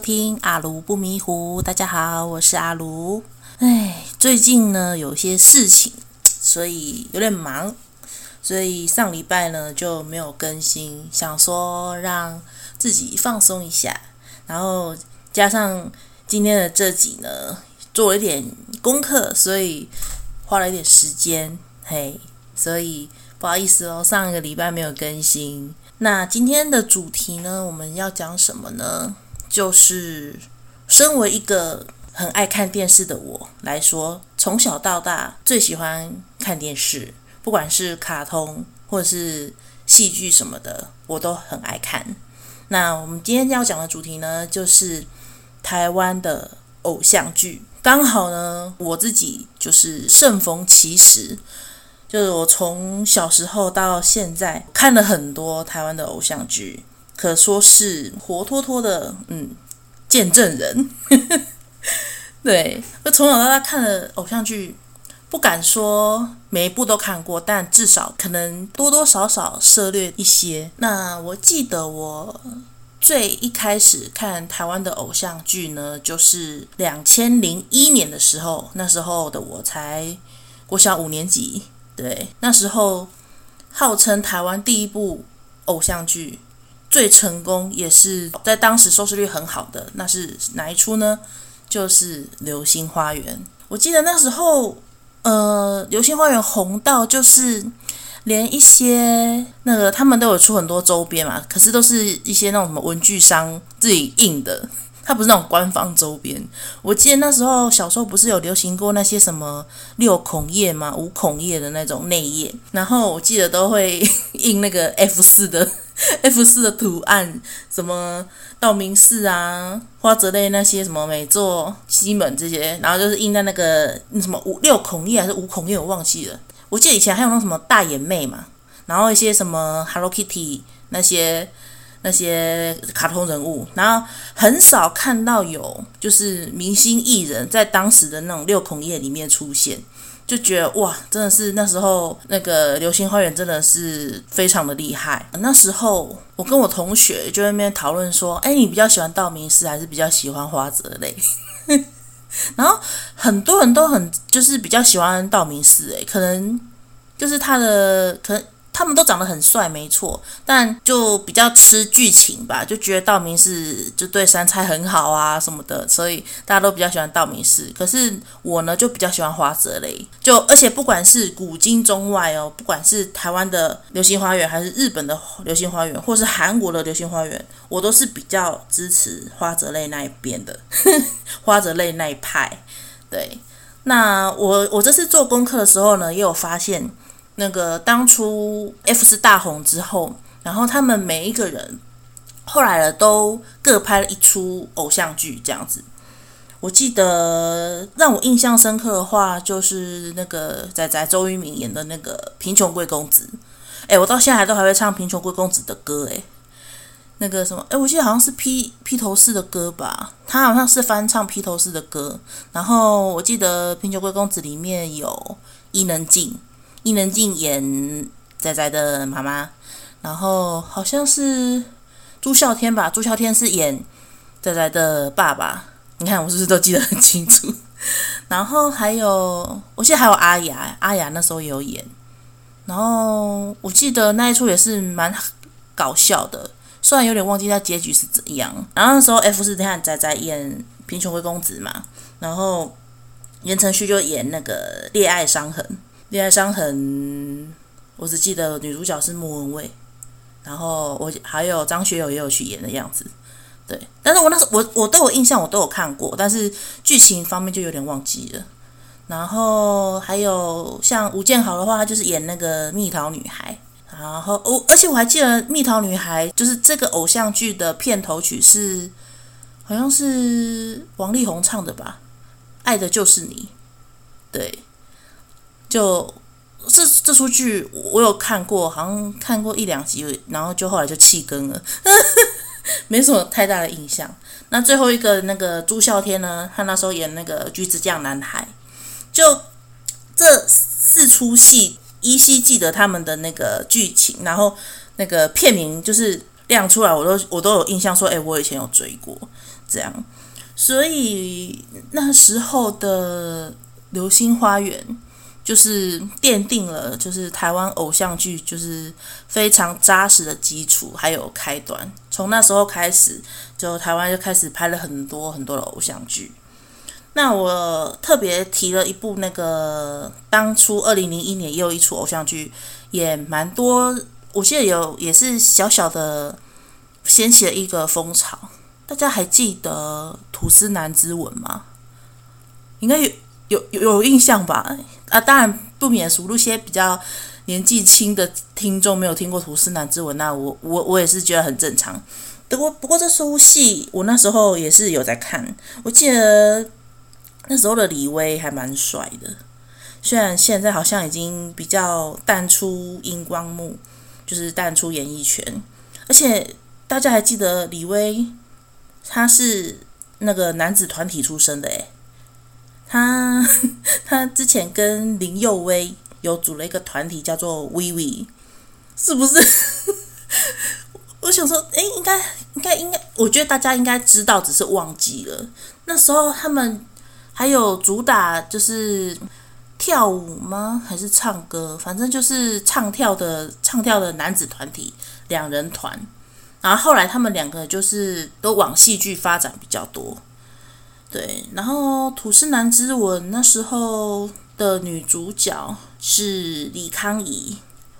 聽阿茹不迷糊，大家好，我是阿茹。哎，最近呢有些事情，所以有點忙，所以上禮拜呢就沒有更新。想說讓自己放鬆一下，然後加上今天的這集呢做了一點功課，所以花了一點時間。嘿，所以不好意思哦，上一個禮拜沒有更新。那今天的主題呢，我們要講什麼呢？就是身為一個很愛看電視的我來說，從小到大最喜歡看電視，不管是卡通或者是戲劇什麼的，我都很愛看。那我們今天要講的主題呢，就是台灣的偶像劇。剛好呢，我自己就是盛逢其時，就是我從小時候到現在看了很多台灣的偶像劇。可說是活脫脫的，嗯，見證人。 對，我從小到大看的偶像劇，不敢說每一部都看過，但至少可能多多少少涉獵一些。那我記得我最一開始看台灣的偶像劇呢，就是兩千零一年的時候，那時候的我才國小五年級。對，那時候號稱台灣第一部偶像劇。最成功也是在當時收視率很好的，那是哪一齣呢？就是《流星花園》。我記得那時候，呃，《流星花園》紅到就是連一些那個他們都有出很多周邊嘛，可是都是一些那種什麼文具商自己印的。它不是那種官方週邊。我記得那時候小時候不是有流行過那些什麼六孔頁嘛，五孔頁的那種內頁。然後我記得都會 印那個 F 四的 F 四的圖案，什麼道明寺啊、花澤類那些什麼美作西門這些，然後就是印在那個那什麼五六孔頁還是五孔頁我忘記了。我記得以前還有那什麼大眼妹嘛，然後一些什麼 Hello Kitty 那些。那些卡通人物，然後很少看到有就是明星藝人在當時的那種六孔業裡面出現，就覺得哇，真的是那時候那個流星花園真的是非常的厲害，啊。那時候我跟我同學就在那邊討論說，哎，你比較喜歡道明寺還是比較喜歡花澤類？ 然後很多人都很就是比較喜歡道明寺，哎，可能就是他的可能。他們都長得很帥，沒錯，但就比較吃劇情吧，就覺得道明寺就對杉菜很好啊什麼的，所以大家都比較喜歡道明寺。可是我呢，就比較喜歡花澤類。就而且不管是古今中外哦，不管是台灣的《流星花園》還是日本的《流星花園》，或是韓國的《流星花園》，我都是比較支持花澤類那一邊的，呵呵花澤類那一派。對，那我我這次做功課的時候呢，也有發現。那個當初 F4 大紅之後，然後他們每一個人後來了都各拍了一出偶像劇，這樣子。我記得讓我印象深刻的話，就是那個仔仔周渝民演的那個《貧窮貴公子》。誒，我到現在還都還會唱《貧窮貴公子》的歌。誒，那個什麼，誒，我記得好像是披披頭士的歌吧？他好像是翻唱披頭士的歌。然後我記得《貧窮貴公子》裡面有伊能靜。伊能靜演仔仔的媽媽，然後好像是朱孝天吧？朱孝天是演仔仔的爸爸。你看我是不是都記得很清楚？ 然後還有，我記得還有阿雅，阿雅那時候也有演。然後我記得那一出也是蠻搞笑的，雖然有點忘記他結局是怎樣。然後那時候 F 四，你看仔仔演《貧窮貴公子》嘛，然後言承旭就演那個戀愛傷痕。戀愛傷痕，我只記得女主角是莫文蔚，然後我還有張學友也有去演的樣子，對。但是我那時我我對我印象我都有看過，但是劇情方面就有點忘記了。然後還有像吳建豪的話，就是演那個蜜桃女孩。然後我、哦、而且我還記得蜜桃女孩就是這個偶像劇的片頭曲是好像是王力宏唱的吧，《愛的就是你》，對。就這這出劇，我有看過，好像看過一兩集，然後就後來就棄更了，呵呵，沒什麼太大的印象。那最後一個那個朱孝天呢，他那時候演那個橘子醬男孩，就這四出戲，依稀記得他們的那個劇情，然後那個片名就是亮出來，我都我都有印象說，說哎，我以前有追過這樣，所以那時候的《流星花園》。就是奠定了，就是台灣偶像劇，就是非常扎實的基礎，還有開端。從那時候開始，就台灣就開始拍了很多很多的偶像劇。那我特別提了一部，那個當初二零零一年又一出偶像劇，也蠻多，我記得有也是小小的掀起了一個風潮。大家還記得《吐司男之吻》嗎？應該有有有印象吧？啊，當然不免數落些，比較年紀輕的聽眾沒有聽過《吐司男之吻》。那我我我也是覺得很正常。不過不過，這出戲，我那時候也是有在看。我記得那時候的李威還蠻帥的，雖然現在好像已經比較淡出熒光幕就是淡出演藝圈。而且大家還記得李威，他是那個男子團體出身的，誒。他他之前跟林佑威有組了一個團體，叫做威威，是不是？ 我想說，誒，應該應該應該，我覺得大家應該知道，只是忘記了。那時候他們還有主打就是跳舞嗎？還是唱歌？反正就是唱跳的唱跳的男子團體，兩人團。然後後來他們兩個就是都往戲劇發展比較多。對，然後《吐司男之吻》那時候的女主角是李康宜。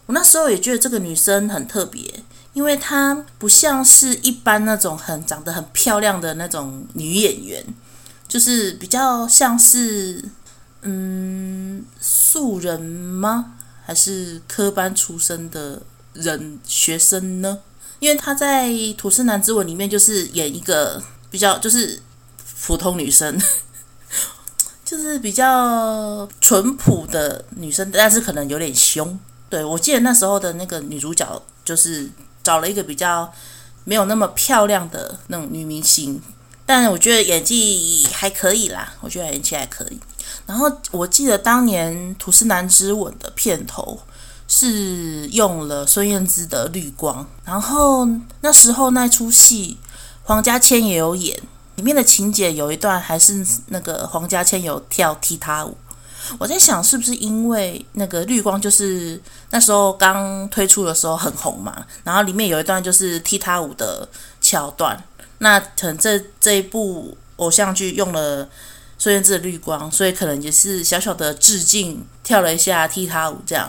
我那時候也覺得這個女生很特別，因為她不像是一般那種很長得很漂亮的那種女演員，就是比較像是嗯素人嗎？還是科班出身的人學生呢？因為她在《吐司男之吻》裡面就是演一個比較就是。普通女生，就是比較淳樸的女生，但是可能有點兇。對，我記得那時候的那個女主角，就是找了一個比較沒有那麼漂亮的那種女明星，但我覺得演技還可以啦。我覺得演技還可以。然後我記得當年《吐司男之吻》的片頭是用了孫燕姿的綠光，然後那時候那出戲，黃嘉千也有演。裡面的情節有一段還是那個黃嘉千有跳踢踏舞，我在想是不是因為那個綠光就是那時候剛推出的時候很紅嘛，然後裡面有一段就是踢踏舞的橋段，那可能這這一部偶像劇用了孫燕姿的綠光，所以可能也是小小的致敬，跳了一下踢踏舞這樣。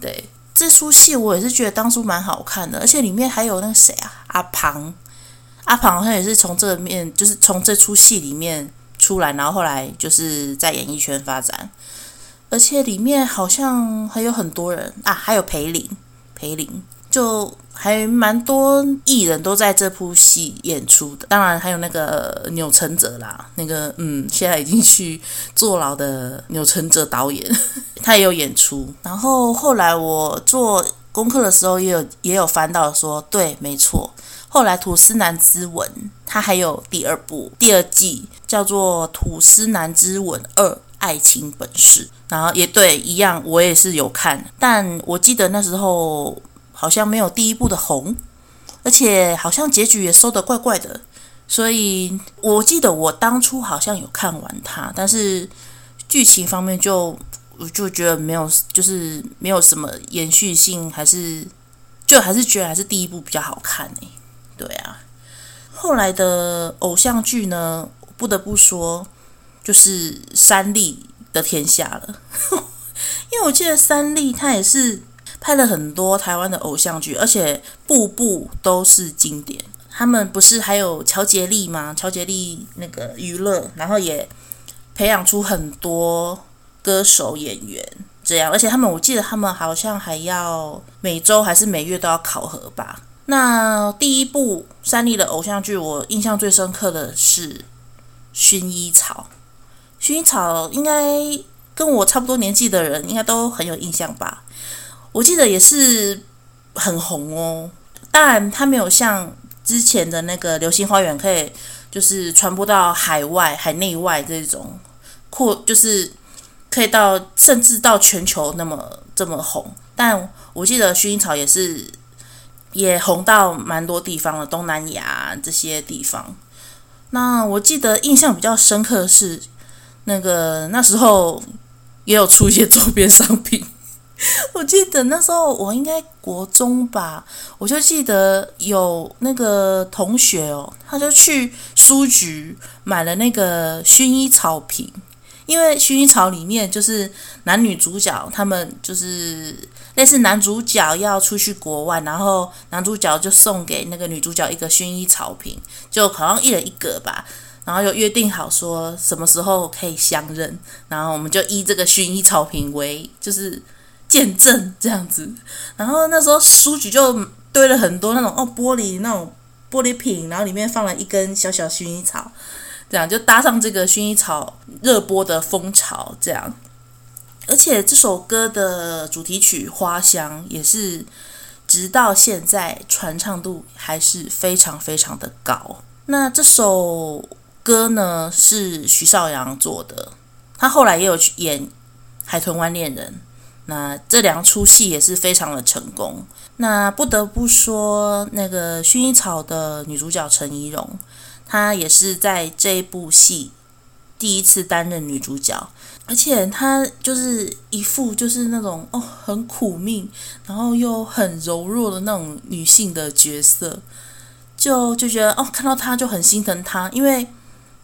對，這出戲我也是覺得當初蠻好看的，而且裡面還有那個誰啊，阿龐。阿龐好像也是從這面，就是從這出戲裡面出來，然後後來就是在演藝圈發展，而且裡面好像還有很多人啊，還有裴琳，裴琳就還蠻多藝人都在這部戲演出的，當然還有那個鈕承澤啦，那個嗯，現在已經去坐牢的鈕承澤導演呵呵，他也有演出。然後後來我做功課的時候也，也有也有翻到說，對，沒錯。後來《吐司男之吻》，它還有第二部、第二季，叫做《吐司男之吻二：愛情本事》。然後也對，一樣，我也是有看，但我記得那時候好像沒有第一部的紅，而且好像結局也收得怪怪的。所以我記得我當初好像有看完它，但是劇情方面就我就覺得沒有，就是沒有什麼延續性，還是就還是覺得還是第一部比較好看誒、欸。對啊，後來的偶像劇呢，不得不說就是三立的天下了。 因為我記得三立，他也是拍了很多台灣的偶像劇，而且部部都是經典。他們不是還有喬傑立嗎？喬傑立那個娛樂，然後也培養出很多歌手、演員這樣。而且他們，我記得他們好像還要每周還是每月都要考核吧。那第一部三立的偶像劇，我印象最深刻的是《薰衣草》。薰衣草應該跟我差不多年紀的人，應該都很有印象吧？我記得也是很紅哦。當然，它沒有像之前的那個《流星花園》可以，就是傳播到海外、海內外這種或就是可以到甚至到全球那麼這麼紅。但我記得薰衣草也是，也紅到蠻多地方了，東南亞這些地方。那我記得印象比較深刻的是，那個那時候也有出一些周邊商品。 我記得那時候我應該國中吧，我就記得有那個同學哦，他就去書局買了那個薰衣草瓶，因為薰衣草裡面就是男女主角他們就是。但是男主角要出去國外，然後男主角就送給那個女主角一個薰衣草瓶，就好像一人一個吧，然後就約定好說什麼時候可以相認，然後我們就依這個薰衣草瓶為就是見證這樣子。然後那時候書局就堆了很多那種哦玻璃那種玻璃瓶，然後裡面放了一根小小薰衣草，這樣就搭上這個薰衣草熱播的風潮這樣。而且這首歌的主題曲《花香》也是直到現在傳唱度還是非常非常的高。那這首歌呢是許紹洋做的，他後來也有去演《海豚灣戀人》，那這兩齣戲也是非常的成功。那不得不說，那個《薰衣草》的女主角陳怡蓉，她也是在這一部戲第一次擔任女主角。而且她就是一副就是那種哦，很苦命，然後又很柔弱的那種女性的角色，就就覺得哦，看到她就很心疼她，因為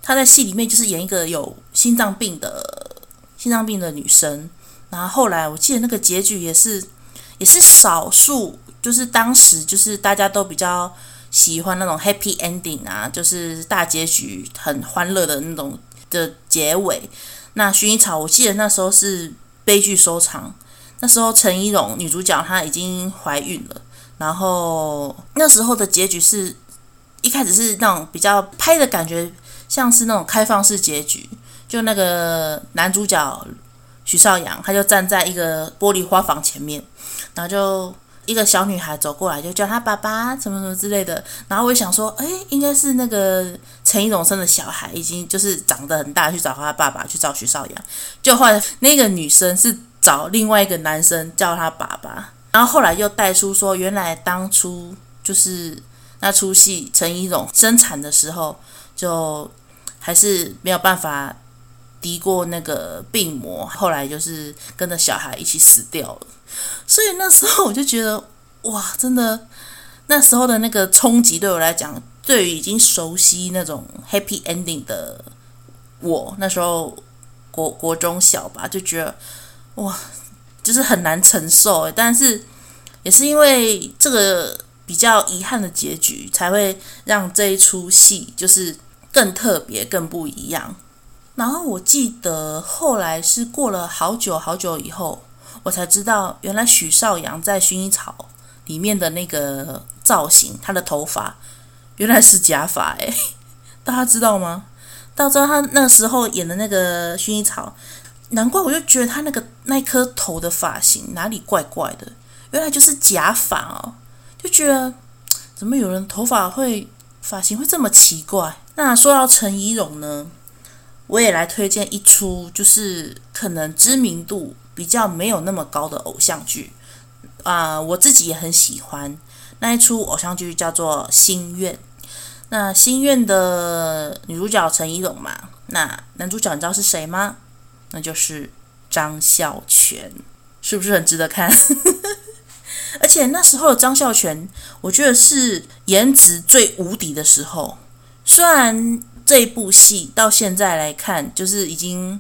她在戲裡面就是演一個有心臟病的、心臟病的女生。然後後來我記得那個結局也是，也是少數，就是當時就是大家都比較喜歡那種 Happy Ending 啊，就是大結局很歡樂的那種的結尾。那《薰衣草》，我記得那時候是悲劇收場。那時候陳怡蓉女主角她已經懷孕了，然後那時候的結局是一開始是那種比較拍的感覺，像是那種開放式結局。就那個男主角許紹洋，他就站在一個玻璃花房前面，然後就。一個小女孩走過來就叫她爸爸，什麼什麼之類的。然後我就想說，哎，應該是那個陳怡蓉生的小孩，已經就是長得很大，去找他爸爸，去找許紹洋。就換那個女生是找另外一個男生叫他爸爸。然後後來又帶出說，原來當初就是那出戲陳怡蓉生產的時候，就還是沒有辦法。敵過那個病魔，後來就是跟着小孩一起死掉了。所以那時候我就覺得，哇，真的，那時候的那個衝擊對我來講，對於已經熟悉那種 happy ending 的我，那時候國國中小吧，就覺得，哇，就是很難承受耶。但是也是因為這個比較遺憾的結局，才會讓這一出戲就是更特別、更不一樣。然後我記得後來是過了好久好久以後，我才知道原來許紹洋在《薰衣草》裡面的那個造型，他的頭髮原來是假髮誒、欸，大家知道嗎？大家知道他那時候演的那個《薰衣草》，難怪我就覺得他那個那顆頭的髮型哪裡怪怪的，原來就是假髮哦！就覺得怎麼有人頭髮會髮型會這麼奇怪？那說到陳怡蓉呢？我也來推薦一出，就是可能知名度比較沒有那麼高的偶像劇，啊、呃，我自己也很喜歡那一出偶像劇叫做《心願》。那《心願》的女主角陳怡蓉嘛，那男主角你知道是誰嗎？那就是張孝全，是不是很值得看？ 而且那時候的張孝全，我覺得是顏值最無敵的時候，雖然。這一部戲到現在來看，就是已經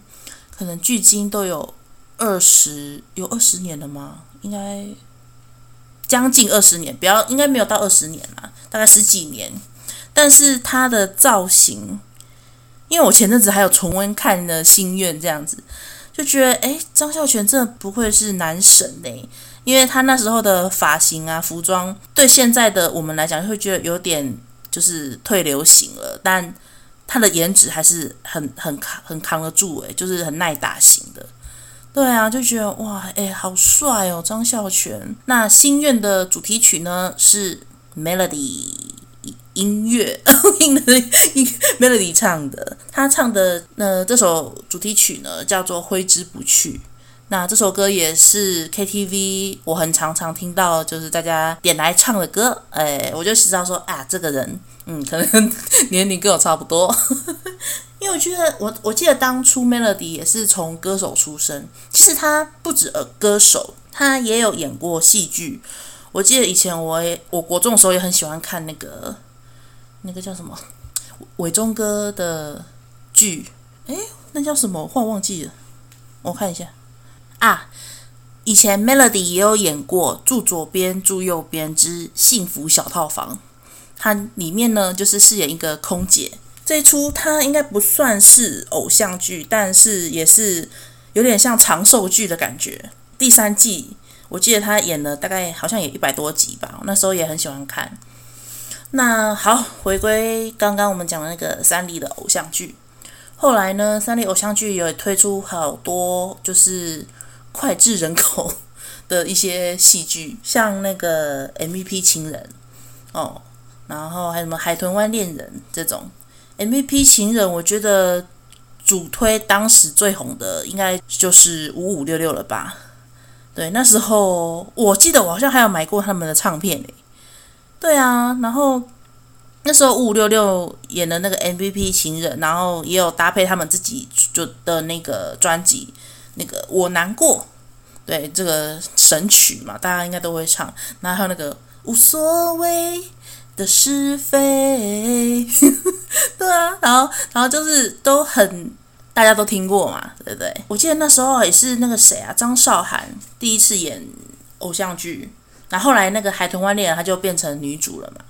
可能距今都有二十，有二十年了嗎？應該將近二十年，不要，應該沒有到二十年嘛，大概十幾年。但是他的造型，因為我前陣子還有重溫看《的心願》這樣子，就覺得誒，張孝全真的不愧是男神嘞、欸？因為他那時候的髮型啊、服裝，對現在的我們來講，會覺得有點就是退流行了，但。他的顏值還是很很扛，很扛得住誒，就是很耐打型的。對啊，就覺得哇，誒、欸，好帥哦，張孝全。那心願的主題曲呢是 Melody 音樂 ，Melody 唱的。他唱的呢、呃，這首主題曲呢叫做《揮之不去》。那這首歌也是 KTV，我很常常聽到，就是大家點來唱的歌。哎、欸，我就知道說啊，這個人，嗯，可能年齡跟我差不多。 因為我覺得我我記得當初 Melody 也是從歌手出身，其實他不止呃歌手，他也有演過戲劇。我記得以前我也我國中的時候也很喜歡看那個那個叫什麼偉忠哥的劇，哎、欸，那叫什麼我忘記了，我看一下。啊，以前 Melody 也有演過《住左邊住右邊之幸福小套房》，它裡面呢，就是飾演一個空姐。這一出它應該不算是偶像劇，但是也是有點像長壽劇的感覺。第三季我記得他演了大概好像也一百多集吧，那時候也很喜歡看。那好，回歸剛剛我們講的那個三立的偶像劇，後來呢，三立偶像劇也推出好多就是。膾炙人口的一些戲劇，像那個 MVP 情人哦，然後還有什麼《海豚灣戀人》這種 MVP 情人，我覺得主推當時最紅的應該就是五五六六了吧？對，那時候我記得我好像還有買過他們的唱片誒。對啊，然後那時候五五六六演的那個 MVP 情人，然後也有搭配他們自己就的那個專輯。那個我難過，對，這個神曲嘛，大家應該都會唱。然後還有那個無所謂的是非， 對啊，然後然後就是都很大家都聽過嘛，對不對？我記得那時候也是那個誰啊，張韶涵第一次演偶像劇。那後來那個《海豚灣戀人》她就變成女主了嘛。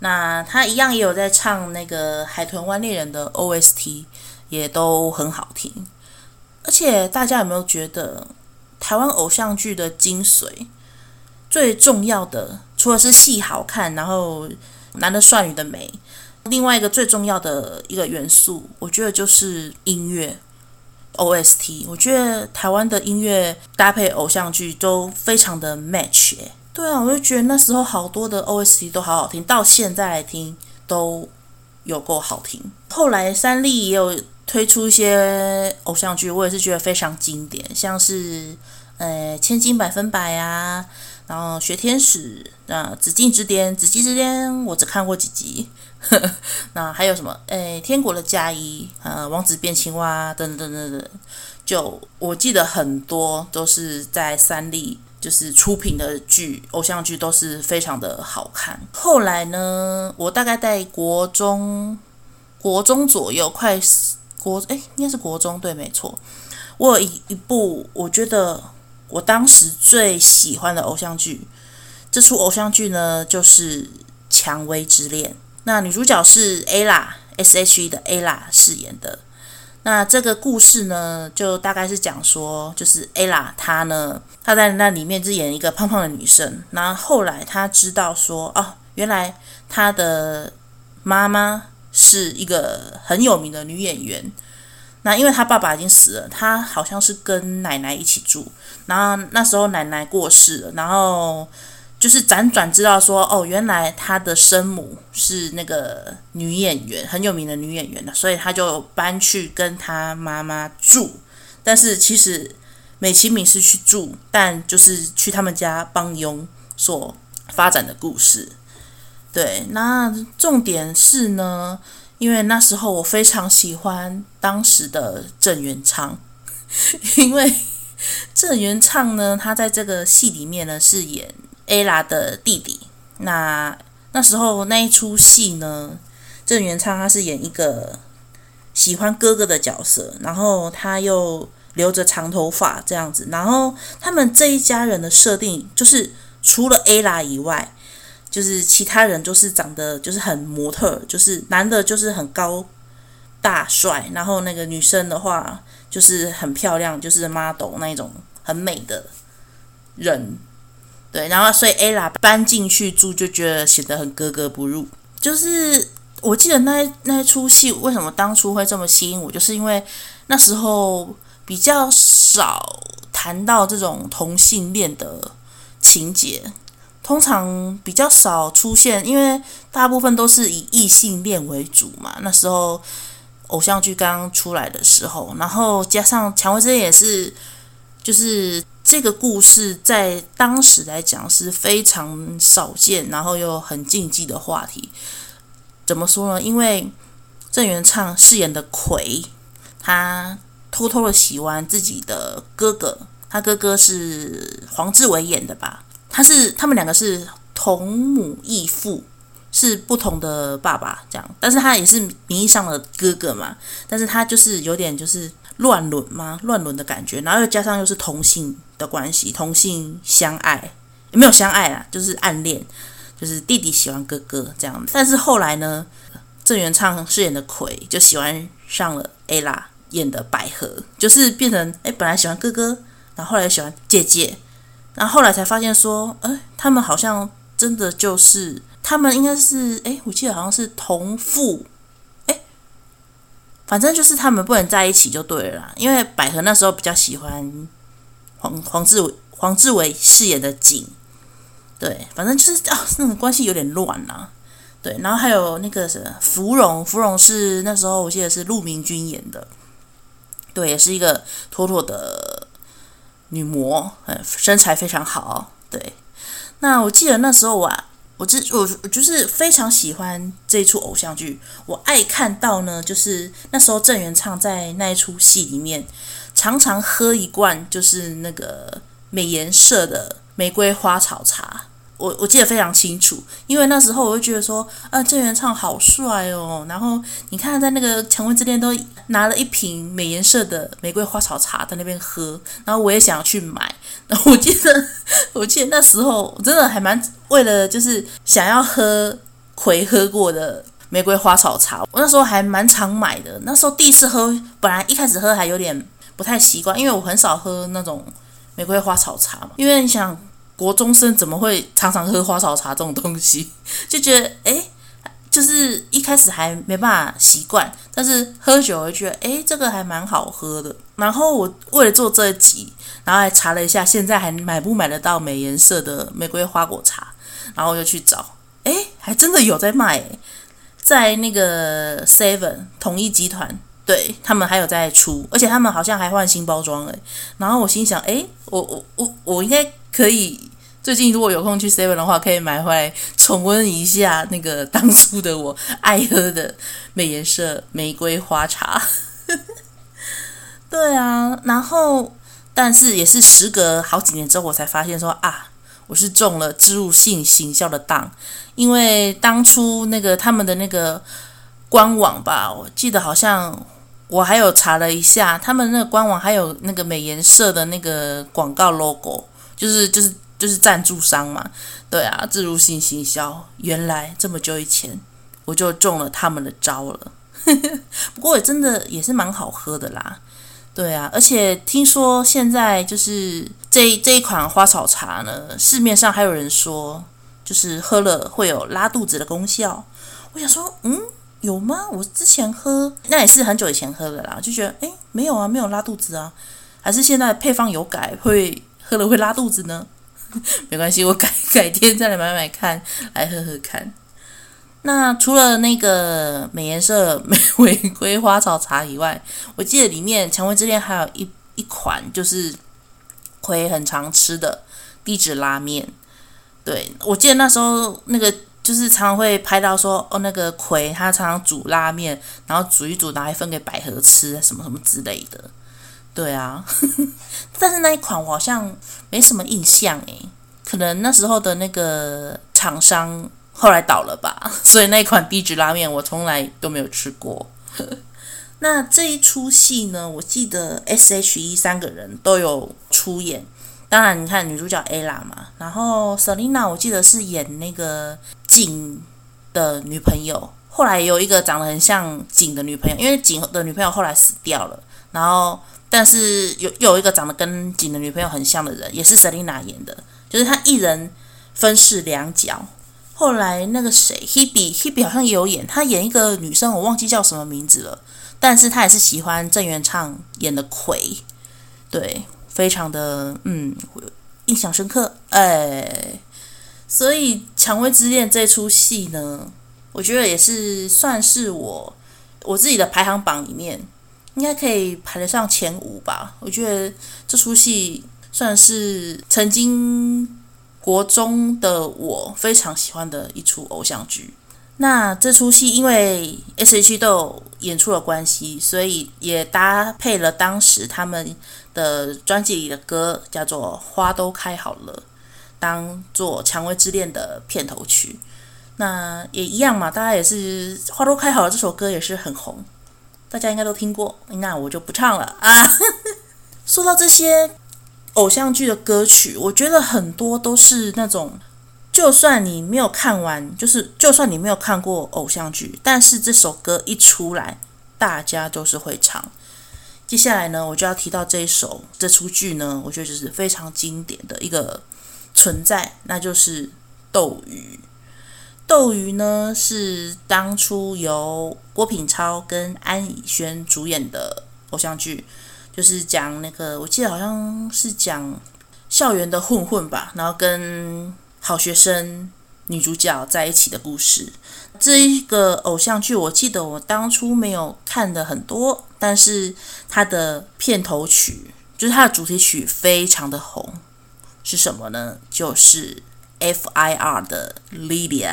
那她一樣也有在唱那個《海豚灣戀人》的 OST，也都很好聽。而且大家有沒有覺得，台灣偶像劇的精髓最重要的，除了是戲好看，然後男的帥女的美，另外一個最重要的一個元素，我覺得就是音樂 OST。我覺得台灣的音樂搭配偶像劇都非常的 match，欸。對啊，我就覺得那時候好多的 OST 都好好聽，到現在來聽都有夠好聽。後來三立也有。推出一些偶像劇，我也是覺得非常經典，像是呃、欸《千金百分百》啊，然後《學天使》啊，《紫禁之巔》《紫禁之巔》我只看過幾集，呵呵，那還有什麼？哎、欸，《天國的嫁衣》啊、呃，《王子變青蛙》等等等等，就我記得很多都是在三立就是出品的劇，偶像劇都是非常的好看。後來呢，我大概在國中，國中左右快。國哎、欸，應該是國中對，沒錯。我有一一部，我覺得我當時最喜歡的偶像劇，這出偶像劇呢就是《薔薇之戀》。那女主角是 Ella，S.H.E 的 Ella 飾演的。那這個故事呢，就大概是講說，就是 Ella 她呢，她在那裡面是演一個胖胖的女生。然後後來她知道說，哦，原來她的媽媽。是一個很有名的女演員，那因為她爸爸已經死了，她好像是跟奶奶一起住。然後那時候奶奶過世了，然後就是輾轉知道說，哦，原來她的生母是那個女演員，很有名的女演員的，所以她就搬去跟她媽媽住。但是其實美其名是去住，但就是去他們家幫傭所發展的故事。對，那重點是呢，因為那時候我非常喜歡當時的鄭元暢，因為鄭元暢呢，他在這個戲裡面呢是演 Ella 的弟弟。那那時候那一出戲呢，鄭元暢他是演一個喜歡哥哥的角色，然後他又留着長頭髮這樣子，然後他們這一家人的設定就是除了 Ella 以外。就是其他人就是長得就是很模特，就是男的就是很高大帥，然後那個女生的話就是很漂亮，就是 model 那一種很美的人。對，然後所以 Ella 搬進去住就覺得顯得很格格不入。就是我記得那那一齣戲為什麼當初會這麼吸引我，就是因為那時候比較少談到這種同性戀的情節。通常比較少出現，因為大部分都是以異性戀為主嘛。那時候偶像劇剛出來的時候，然後加上《薔薇之戀》也是，就是這個故事在當時來講是非常少見，然後又很禁忌的話題。怎麼說呢？因為鄭元暢飾演的魁，他偷偷的喜歡自己的哥哥，他哥哥是黃志偉演的吧？他是他們兩個是同母異父，是不同的爸爸這樣，但是他也是名義上的哥哥嘛。但是他就是有點就是亂倫嘛，亂倫的感覺，然後又加上又是同性的關係，同性相愛也沒有相愛啦，就是暗戀，就是弟弟喜歡哥哥這樣子。但是後來呢，鄭元暢飾演的葵就喜歡上了 Ella 演的百合，就是變成哎本來喜歡哥哥，然後，後來喜歡姐姐。然後後來才發現說，呃，他們好像真的就是，他們應該是，哎，我記得好像是同父，哎，反正就是他們不能在一起就對了啦，因為百合那時候比較喜歡黃黃志偉黃志偉飾演的景，對，反正就是啊、哦，那種、個、關係有點亂啦、啊，對，然後還有那個什麼芙蓉，芙蓉是那時候我記得是陸明君演的，對，也是一個妥妥的。女模，嗯，身材非常好。對，那我記得那時候、啊、我，我，我之我我就是非常喜歡這一出偶像劇。我愛看到呢，就是那時候鄭元暢在那一出戲裡面，常常喝一罐就是那個美顏社的玫瑰花草茶。我我記得非常清楚，因為那時候我就覺得說，啊，鄭元暢好帥哦。然後你看，在那個《薔薇之戀》都拿了一瓶美顏色的玫瑰花草茶在那邊喝，然後我也想要去買。然後我記得，我記得那時候我真的還蠻為了就是想要喝葵喝過的玫瑰花草茶，我那時候還蠻常買的。那時候第一次喝，本來一開始喝還有點不太習慣，因為我很少喝那種玫瑰花草茶嘛，因為你想。國中生怎麼會常常喝花草茶這種東西？就覺得誒、欸，就是一開始還沒辦法習慣，但是喝久了就覺得誒、欸，這個還蠻好喝的。然後我為了做這一集，然後還查了一下現在還買不買得到美妍社的玫瑰花果茶，然後我就去找，誒、欸，還真的有在賣，誒，在那個 Seven 統一集團，對，他們還有在出，而且他們好像還換新包裝誒。然後我心想，誒、欸，我我我我應該可以。最近如果有空去 Seven 的話，可以買回來重溫一下那個當初的我愛喝的美顏社玫瑰花茶。 對啊，然後但是也是時隔好幾年之後，我才發現說啊，我是中了置入性行銷的當，因為當初那個他們的那個官網吧，我記得好像我還有查了一下，他們那個官網還有那個美顏社的那個廣告 logo，就是就是。就是贊助商嘛，對啊，置入性行銷。原來這麼久以前我就中了他們的招了。 不過也真的也是蠻好喝的啦，對啊。而且聽說現在就是這這一款花草茶呢，市面上還有人說就是喝了會有拉肚子的功效。我想說，嗯，有嗎？我之前喝那也是很久以前喝的啦，就覺得哎，沒有啊，沒有拉肚子啊。還是現在配方有改，會喝了會拉肚子呢？沒關係，我改改天再來買買看，來喝喝看。那除了那個美顏色玫瑰花草茶以外，我記得裡面《薔薇之戀》還有一一款，就是葵很常吃的低脂拉麵。對，我記得那時候，那個就是常常會拍到說，哦，那個葵他常常煮拉麵，然後煮一煮拿來分給百合吃，什麼什麼之類的。對啊， 但是那一款我好像沒什麼印象誒，可能那時候的那個廠商後來倒了吧，所以那一款低脂拉麵我從來都沒有吃過。 那這一出戲呢，我記得 SHE 三個人都有出演。當然，你看女主角 Ella 嘛，然後 Selina 我記得是演那個景的女朋友，後來也有一個長得很像景的女朋友，因為景的女朋友後來死掉了，然後。但是有有一個長得跟景的女朋友很像的人，也是 Selina 演的，就是她一人分飾兩角。後來那個誰 Hebe Hebe 好像也有演，她演一個女生，我忘記叫什麼名字了。但是她也是喜歡鄭元暢演的魁，對，非常的嗯印象深刻。哎、欸，所以《薔薇之戀》這出戲呢，我覺得也是算是我我自己的排行榜裡面。應該可以排得上前五吧。我覺得這齣戲算是曾經國中的我非常喜歡的一齣偶像劇。那這齣戲因為 S.H.E 都有演出的關係，所以也搭配了當時他們的專輯裡的歌，叫做《花都開好了》，當做《薔薇之戀》的片頭曲。那也一樣嘛，大家也是《花都開好了》這首歌也是很紅。大家應該都聽過，那我就不唱了啊！說到這些偶像劇的歌曲，我覺得很多都是那種，就算你沒有看完，就是就算你沒有看過偶像劇，但是這首歌一出來，大家都是會唱。接下來呢，我就要提到這一首，這出劇呢，我覺得就是非常經典的一個存在，那就是《鬥魚》。《鬥魚》呢是當初由郭品超跟安以軒主演的偶像劇，就是講那個我記得好像是講校園的混混吧，然後跟好學生女主角在一起的故事。這一個偶像劇，我記得我當初沒有看的很多，但是它的片頭曲就是它的主題曲非常的紅，是什麼呢？就是 F.I.R. 的《Lydia》。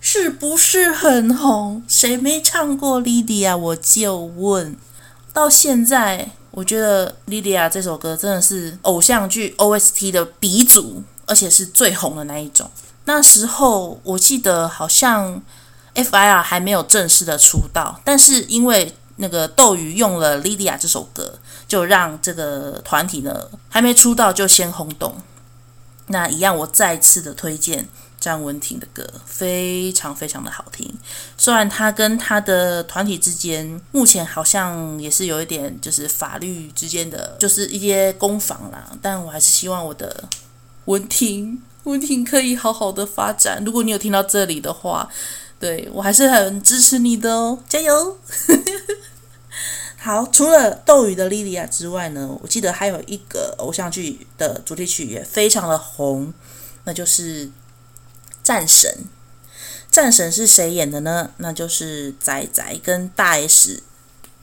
是不是很紅？誰沒唱過《莉迪亞》？我就問。到現在，我覺得《莉迪亞》這首歌真的是偶像劇 OST 的鼻祖，而且是最紅的那一種。那時候我記得好像 FIR 還沒有正式的出道，但是因為那個鬥魚用了《莉迪亞》這首歌，就讓這個團體呢還沒出道就先轟動。那一樣，我再次的推薦。詹文婷的歌非常非常的好聽，雖然他跟他的團體之間目前好像也是有一點，就是法律之間的就是一些攻防啦，但我還是希望我的文婷文婷可以好好的發展。如果你有聽到這裡的話，對我還是很支持你的哦，加油！ 好，除了鬥魚的 Lydia 之外呢，我記得還有一個偶像劇的主題曲也非常的紅，那就是。戰神，戰神是誰演的呢？那就是仔仔跟大 S、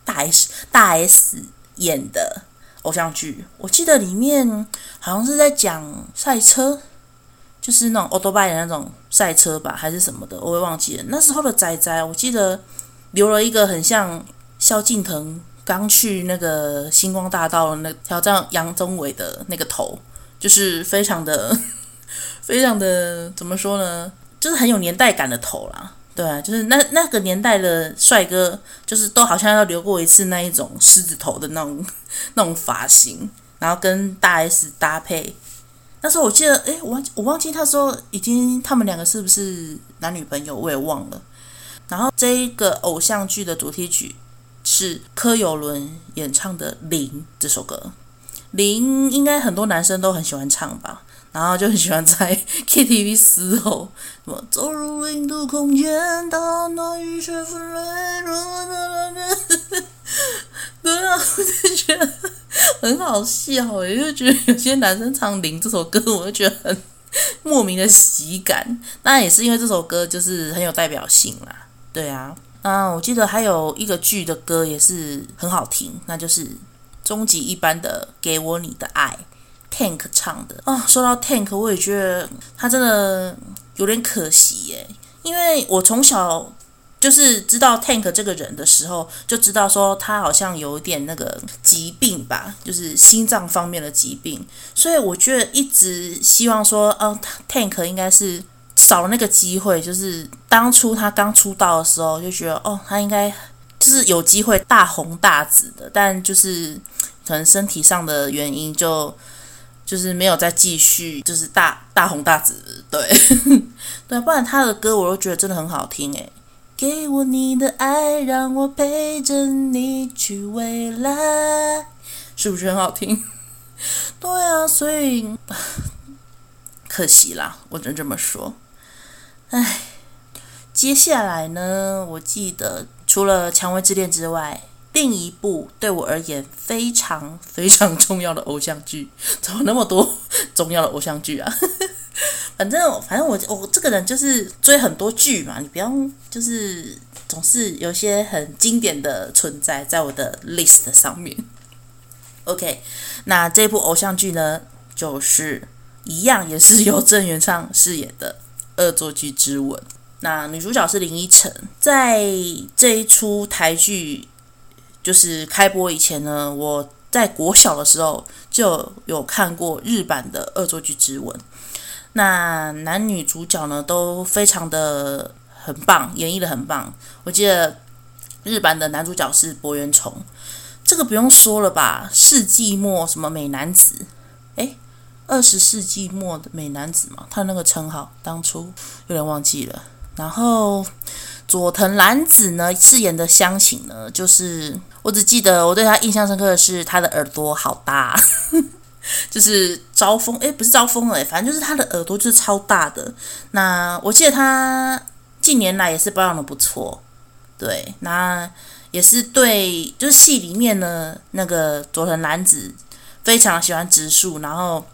大 S、大 S 演的偶像劇。我記得裡面好像是在講賽車，就是那種歐多拜的那種賽車吧，還是什麼的，我也忘記了。那時候的仔仔，我記得留了一個很像蕭敬騰剛去那個星光大道的那個挑戰楊宗緯的那個頭，就是非常的。非常的怎麼說呢？就是很有年代感的頭啦，對啊，就是那那個年代的帥哥，就是都好像要留過一次那一種獅子頭的那種那種髮型，然後跟大 S 搭配。那時候我記得，哎，我我忘記他說已經他們兩個是不是男女朋友，我也忘了。然後這一個偶像劇的主題曲是柯有倫演唱的《零》這首歌，《零》應該很多男生都很喜歡唱吧。然後就很喜歡在 KTV 嘶吼，什麼走入零度空間，到那雨雪紛飛，哈哈哈哈哈！對啊，我就覺得很好笑，我就覺得有些男生唱《零》這首歌，我就覺得很莫名的喜感。那也是因為這首歌就是很有代表性啦，對啊，啊，我記得還有一個劇的歌也是很好聽，那就是終極一班的《給我你的愛》。Tank 唱的哦，oh, 說到 Tank，我也覺得他真的有點可惜耶。因為我從小就是知道 Tank 這個人的時候，就知道說他好像有點那個疾病吧，就是心臟方面的疾病。所以我覺得一直希望說，哦、oh，Tank 應該是少了那個機會。就是當初他剛出道的時候，就覺得哦，oh, 他應該就是有機會大紅大紫的，但就是可能身體上的原因就。就是沒有再繼續，就是大大紅大紫，對 對，不然他的歌我都覺得真的很好聽誒，給我你的愛，讓我陪着你去未來，是不是很好聽？對啊，所以可惜啦，我只能這麼說。哎，接下來呢？我記得除了《薔薇之戀》之外。另一部對我而言非常非常重要的偶像劇，怎麼那麼多重要的偶像劇啊？ 反正反正我我這個人就是追很多劇嘛，你不要，就是總是有些很經典的存在在我的 list 上面。OK，那這部偶像劇呢，就是一樣也是由鄭元暢飾演的《惡作劇之吻》，那女主角是林依晨，在這一出台劇就是開播以前呢，我在國小的時候就有，有看過日版的《惡作劇之吻》，那男女主角呢都非常的很棒，演繹得很棒。我記得日版的男主角是柏原崇，這個不用說了吧？世紀末什麼美男子？誒、欸，二十世紀末的美男子嘛，他那個稱號當初有點忘記了。然後佐藤藍子呢飾演的湘琴呢，就是。我只記得我對他印象深刻的是他的耳朵好大。 就是招風誒，不是招風誒，反正就是他的耳朵就是超大的。那我記得他近年來也是保養的不錯，對，那也是對，就是戲裡面呢那個佐藤藍子非常喜歡直樹，然後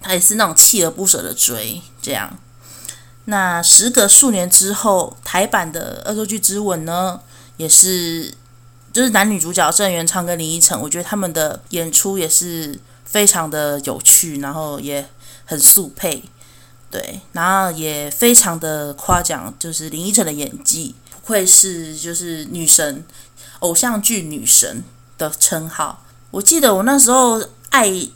他也是那種鍥而不捨的追這樣。那時隔數年之後，台版的《惡作劇之吻》呢也是。就是男女主角鄭元暢跟林依晨，我覺得他們的演出也是非常的有趣，然後也很速配，對，然後也非常的誇獎，就是林依晨的演技，不愧是就是女神，偶像劇女神的稱號。我記得我那時候愛《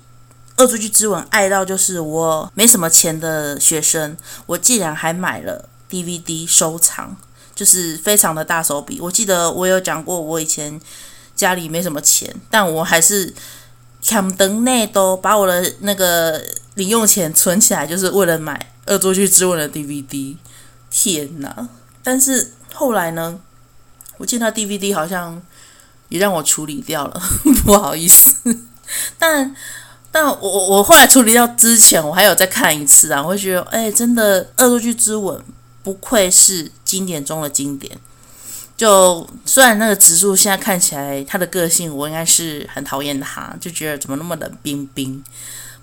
惡作劇之吻》，愛到就是我沒什麼錢的學生，我竟然還買了 DVD 收藏。就是非常的大手筆。我記得我有講過，我以前家裡沒什麼錢，但我還是搶燈內都把我的那個零用錢存起來，就是為了買《惡作劇之吻》的 DVD。天哪！但是後來呢，我見到 DVD 好像也讓我處理掉了，呵呵不好意思。但但我我後來處理掉之前，我還有再看一次啊，我會覺得，哎，真的《惡作劇之吻》。不愧是經典中的經典。就雖然那個直樹現在看起來他的個性，我應該是很討厭他，就覺得怎麼那麼冷冰冰。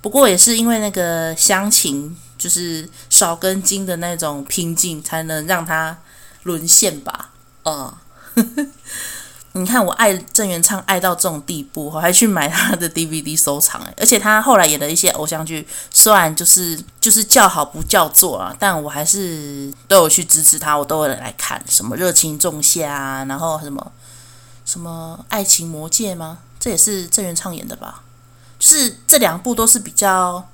不過也是因為那個湘琴，就是少根筋的那種拼勁，才能讓他淪陷吧。哦、uh. 你看我愛鄭元暢愛到這種地步，我還去買他的 DVD 收藏。而且他後來演的一些偶像劇，雖然就是就是叫好不叫座啊，但我還是都有去支持他，我都有來看什麼《熱情仲夏》啊，然後什麼什麼《愛情魔戒》嗎？這也是鄭元暢演的吧？就是這兩部都是比較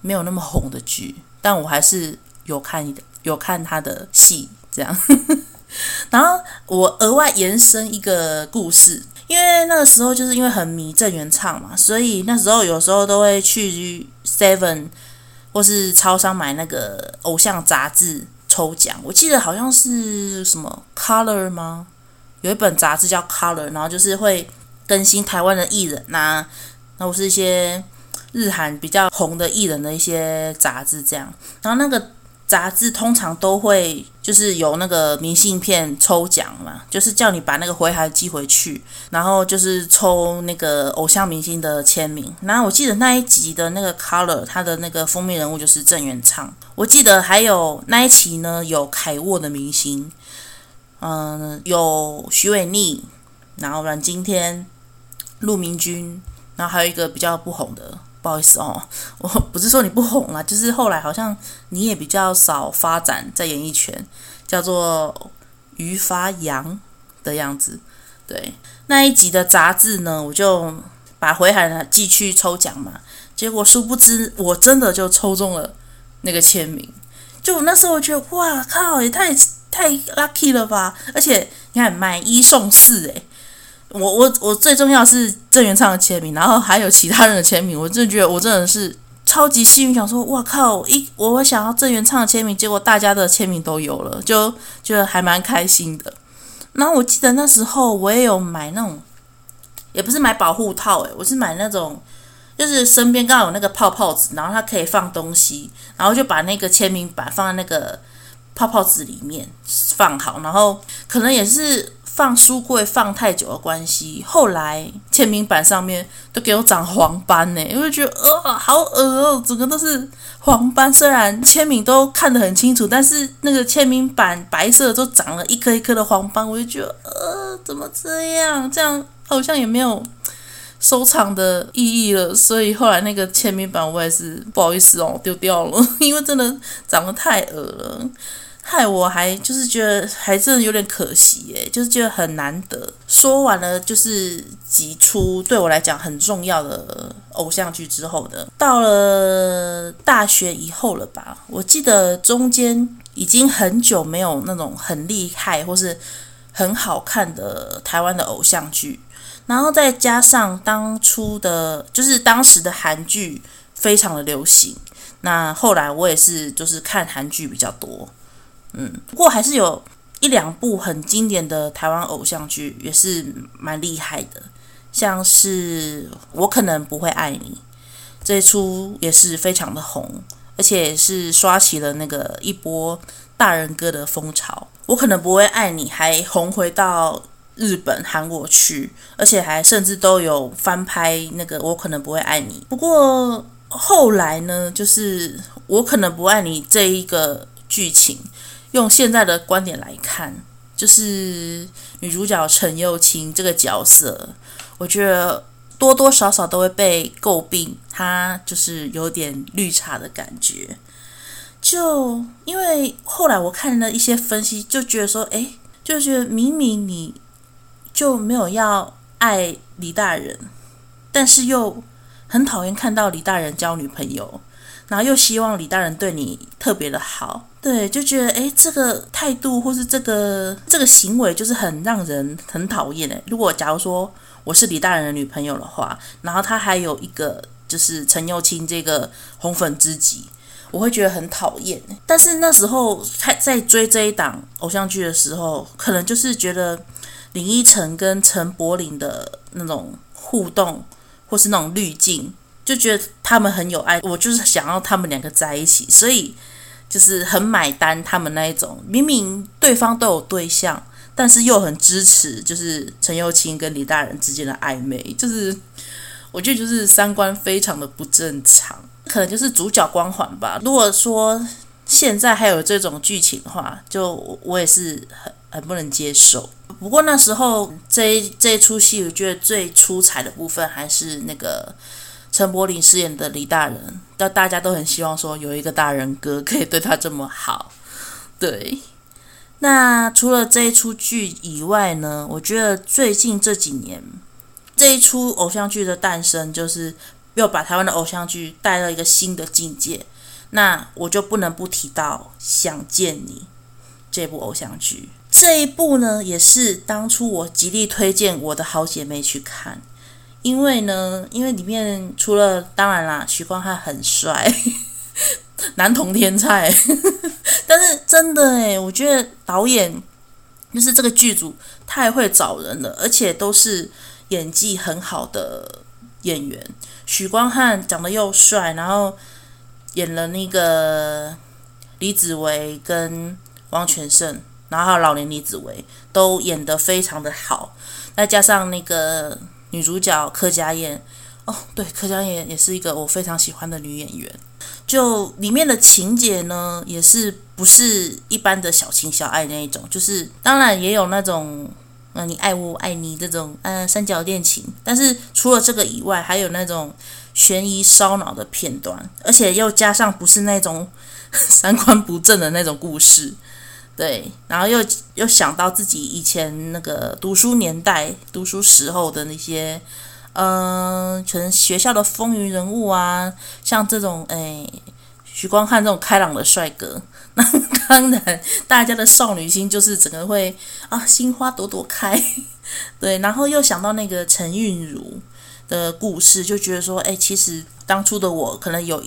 沒有那麼紅的劇，但我還是有看的，有看他的戲這樣。 然後我額外延伸一個故事，因為那個時候就是因為很迷鄭元暢嘛，所以那時候有時候都會去 Seven 或是超商買那個偶像雜誌抽獎。我記得好像是什麼 Color 嗎？有一本雜誌叫 Color，然後就是會更新台灣的藝人吶，然後是一些日韓比較紅的藝人的一些雜誌這樣。然後那個雜誌通常都會。就是有那個明信片抽獎嘛，就是叫你把那個回函寄回去，然後就是抽那個偶像明星的簽名。然後我記得那一集的那個 Color，它的那個封面人物就是鄭元暢。我記得還有那一期呢，有凱渥的明星，嗯、呃，有許瑋甯，然後阮經天、陸明君，然後還有一個比較不紅的。不好意思哦，我不是說你不紅啊，就是後來好像你也比較少發展在演藝圈，叫做於發揚的樣子。對，那一集的雜誌呢，我就把回函寄去抽獎嘛。結果殊不知，我真的就抽中了那個簽名。就那時候我覺得，哇靠，也太太 lucky 了吧！而且你看買一送四，誒。我我我最重要是鄭元暢的簽名，然後還有其他人的簽名，我真的覺得我真的是超級幸運。想說，哇靠！一我想要鄭元暢的簽名，結果大家的簽名都有了，就覺得還蠻開心的。然後我記得那時候我也有買那種，也不是買保護套、欸，誒，我是買那種，就是身邊剛好有那個泡泡紙，然後它可以放東西，然後就把那個簽名板放在那個泡泡紙裡面放好，然後可能也是。放書櫃放太久的關係，後來簽名板上面都給我長黃斑呢、欸，因為覺得呃好惡哦、喔，整個都是黃斑。雖然簽名都看得很清楚，但是那個簽名板白色的都長了一顆一顆的黃斑，我就覺得呃怎麼這樣？這樣好像也沒有收藏的意義了。所以後來那個簽名板我也是不好意思哦、喔、丟掉了，因為真的長得太惡了。害我還就是覺得還真的有點可惜誒，就是覺得很難得。說完了就是幾齣對我來講很重要的偶像劇之後的，到了大學以後了吧？我記得中間已經很久沒有那種很厲害或是很好看的台灣的偶像劇，然後再加上當初的，就是當時的韓劇非常的流行。那後來我也是就是看韓劇比較多。嗯，不過還是有一兩部很經典的台灣偶像劇，也是蠻厲害的。像是《我可能不會愛你》這一出，也是非常的紅，而且也是刷起了那個一波大人歌的風潮。《我可能不會愛你》還紅回到日本、韓國去，而且還甚至都有翻拍那個《我可能不會愛你》。不過後來呢，就是《我可能不愛你》這一個劇情。用現在的觀點來看，就是女主角程又青這個角色，我覺得多多少少都會被詬病，她就是有點綠茶的感覺。就因為後來我看了一些分析，就覺得說，哎，就覺得明明你就沒有要愛李大仁，但是又很討厭看到李大仁交女朋友，然後又希望李大仁對你特別的好。對，就覺得誒，這個態度，或是這個這個行為，就是很讓人很討厭。如果假如說我是李大仁的女朋友的話，然後他還有一個就是陳又青這個紅粉知己，我會覺得很討厭。但是那時候還在追這一檔偶像劇的時候，可能就是覺得林依晨跟陳柏霖的那種互動或是那種濾鏡，就覺得他們很有愛，我就是想要他們兩個在一起，所以。就是很買單他們那一種，明明對方都有對象，但是又很支持，就是程又青跟李大仁之間的曖昧，就是我覺得就是三觀非常的不正常，可能就是主角光環吧。如果說現在還有這種劇情的話，就我也是很很不能接受。不過那時候這一這一出戲，我覺得最出彩的部分還是那個。陳柏霖飾演的李大仁，但大家都很希望說有一個大仁哥可以對他這麼好，對。那除了這一出劇以外呢，我覺得最近這幾年這一出偶像劇的誕生，就是又把台灣的偶像劇帶到一個新的境界。那我就不能不提到《想見你》這部偶像劇，這一部呢也是當初我極力推薦我的好姐妹去看。因為呢，因為裡面除了當然啦，許光漢很帥，呵呵男同天菜，但是真的誒，我覺得導演就是這個劇組太會找人了，而且都是演技很好的演員。許光漢長得又帥，然後演了那個李子維跟王詮勝，然後還有老年李子維都演得非常的好，再加上那個。女主角柯佳嬿，哦，對，柯佳嬿也是一個我非常喜歡的女演員。就裡面的情節呢，也是不是一般的小情小愛那一種，就是當然也有那種，嗯、呃，你愛我，我愛你這種，嗯、呃，三角戀情。但是除了這個以外，還有那種懸疑燒腦的片段，而且又加上不是那種三觀不正的那種故事。對，然後又又想到自己以前那個讀書年代、讀書時候的那些，嗯、呃，全學校的風雲人物啊，像這種，哎，許光漢這種開朗的帥哥，那當然，大家的少女心就是整個會啊，心花朵朵開。對，然後又想到那個陳韻如的故事，就覺得說，哎，其實當初的我可能有。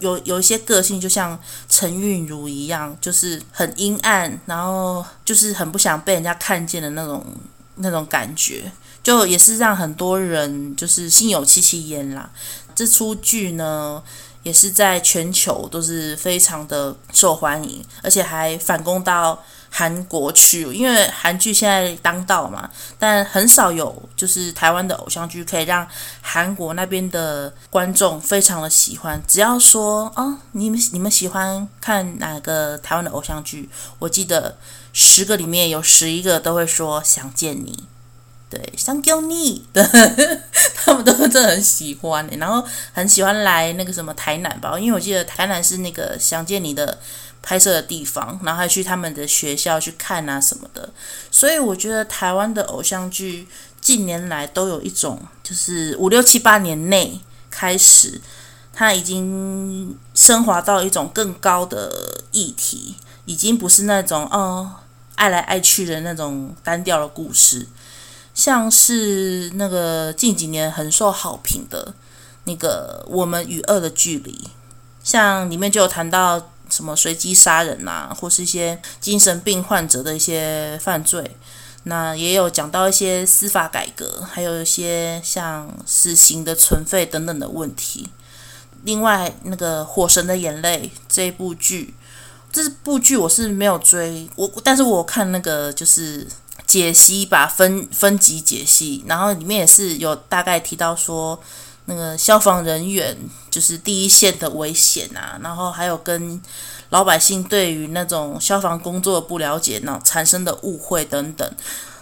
有有一些個性，就像陳韻如一樣，就是很陰暗，然後就是很不想被人家看見的那種那種感覺，就也是讓很多人就是心有戚戚焉啦。這出劇呢，也是在全球都是非常的受歡迎，而且還反攻到韓國去，因為韓劇現在當道嘛，但很少有就是台灣的偶像劇可以讓韓國那邊的觀眾非常的喜歡。只要說啊、哦，你們你們喜歡看哪個台灣的偶像劇？我記得十個裡面有十一個都會說想見你，對，想見你，對呵呵，他們都真的很喜歡，然後很喜歡來那個什麼台南吧，因為我記得台南是那個想見你的。拍攝的地方，然後還去他們的學校去看啊什麼的，所以我覺得台灣的偶像劇近年來都有一種，就是五六七八年內開始，它已經升華到一種更高的議題，已經不是那種哦，愛來愛去的那種單調的故事，像是那個近幾年很受好評的那個《我們與惡的距離》，像裡面就有談到。什麼隨機殺人吶、啊，或是一些精神病患者的一些犯罪，那也有講到一些司法改革，還有一些像死刑的存廢等等的問題。另外，那個《火神的眼淚》這部劇，這部劇我是沒有追，我但是我看那個就是解析吧，分分級解析，然後裡面也是有大概提到說。那個消防人員就是第一線的危險啊，然後還有跟老百姓對於那種消防工作不了解，然後產生的誤會等等，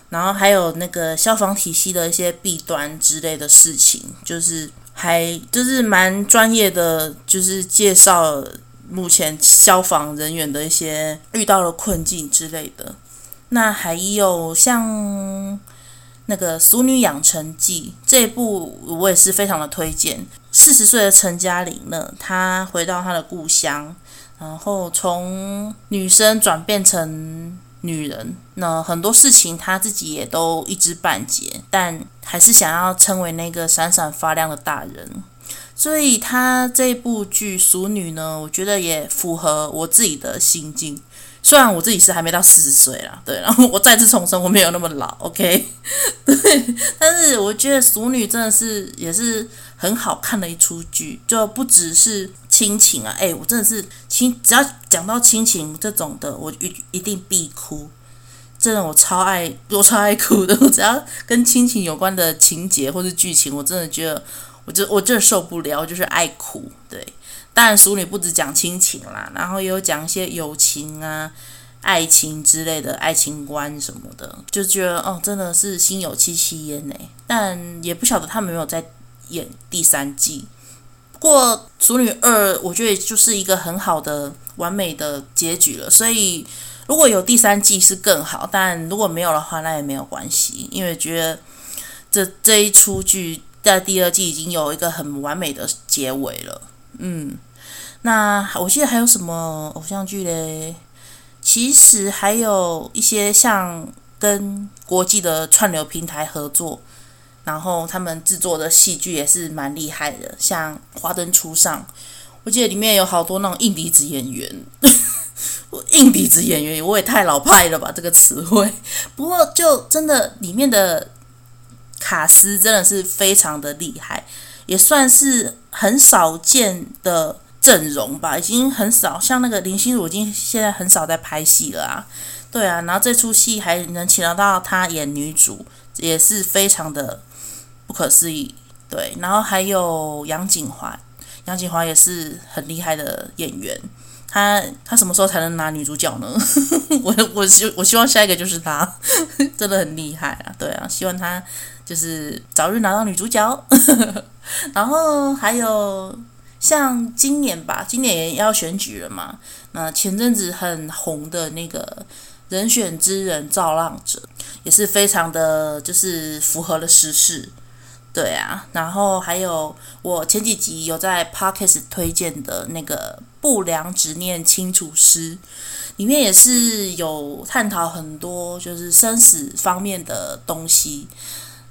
然後還有那個消防體系的一些弊端之類的事情，就是還就是蠻專業的，就是介紹目前消防人員的一些遇到了困境之類的，那還有像。那個《俗女養成記》這一部，我也是非常的推薦。四十歲的陳嘉玲呢，她回到她的故鄉，然後從女生轉變成女人，那很多事情她自己也都一知半解，但還是想要成為那個閃閃發亮的大人。所以她這一部劇《俗女》呢，我覺得也符合我自己的心境。雖然我自己是還沒到四十歲啦，對，然後我再次重生，我沒有那麼老，OK，對。但是我覺得《俗女》真的是也是很好看的一齣劇，就不只是親情啊，哎、欸，我真的是親，只要講到親情這種的，我一一定必哭。真的，我超愛，我超愛哭的。我只要跟親情有關的情節或是劇情，我真的覺得，我就我真的受不了，我就是愛哭，對。但俗女不止講親情啦，然後也有講一些友情啊、愛情之類的愛情觀什麼的，就覺得哦，真的是心有戚戚焉呢。但也不曉得他們有沒有在演第三季。不過，俗女二我覺得就是一個很好的、完美的結局了。所以，如果有第三季是更好，但如果沒有的話，那也沒有關係，因為覺得這這一出劇在第二季已經有一個很完美的結尾了。嗯。那我記得還有什麼偶像劇嘞？其實還有一些像跟國際的串流平台合作，然後他們製作的戲劇也是蠻厲害的，像《華燈初上》，我記得裡面有好多那種硬底子演員，硬 底子演員，我也太老派了吧！這個詞彙，不過就真的裡面的卡斯真的是非常的厲害，也算是很少見的。陣容吧，已經很少，像那個林心如，已經現在很少在拍戲了啊。對啊，然後這出戲還能請到她演女主，也是非常的不可思議。對，然後還有楊謹華，楊謹華也是很厲害的演員。他他什麼時候才能拿女主角呢？ 我我希我，我希望下一個就是他， 真的很厲害啊。對啊，希望他就是早日拿到女主角。 然後還有。像今年吧，今年也要選舉了嘛？那前陣子很紅的那個人選之人造浪者，也是非常的，就是符合了時事，對啊。然後還有我前幾集有在 Podcast 推薦的那個《不良執念清除師》，裡面也是有探討很多就是生死方面的東西，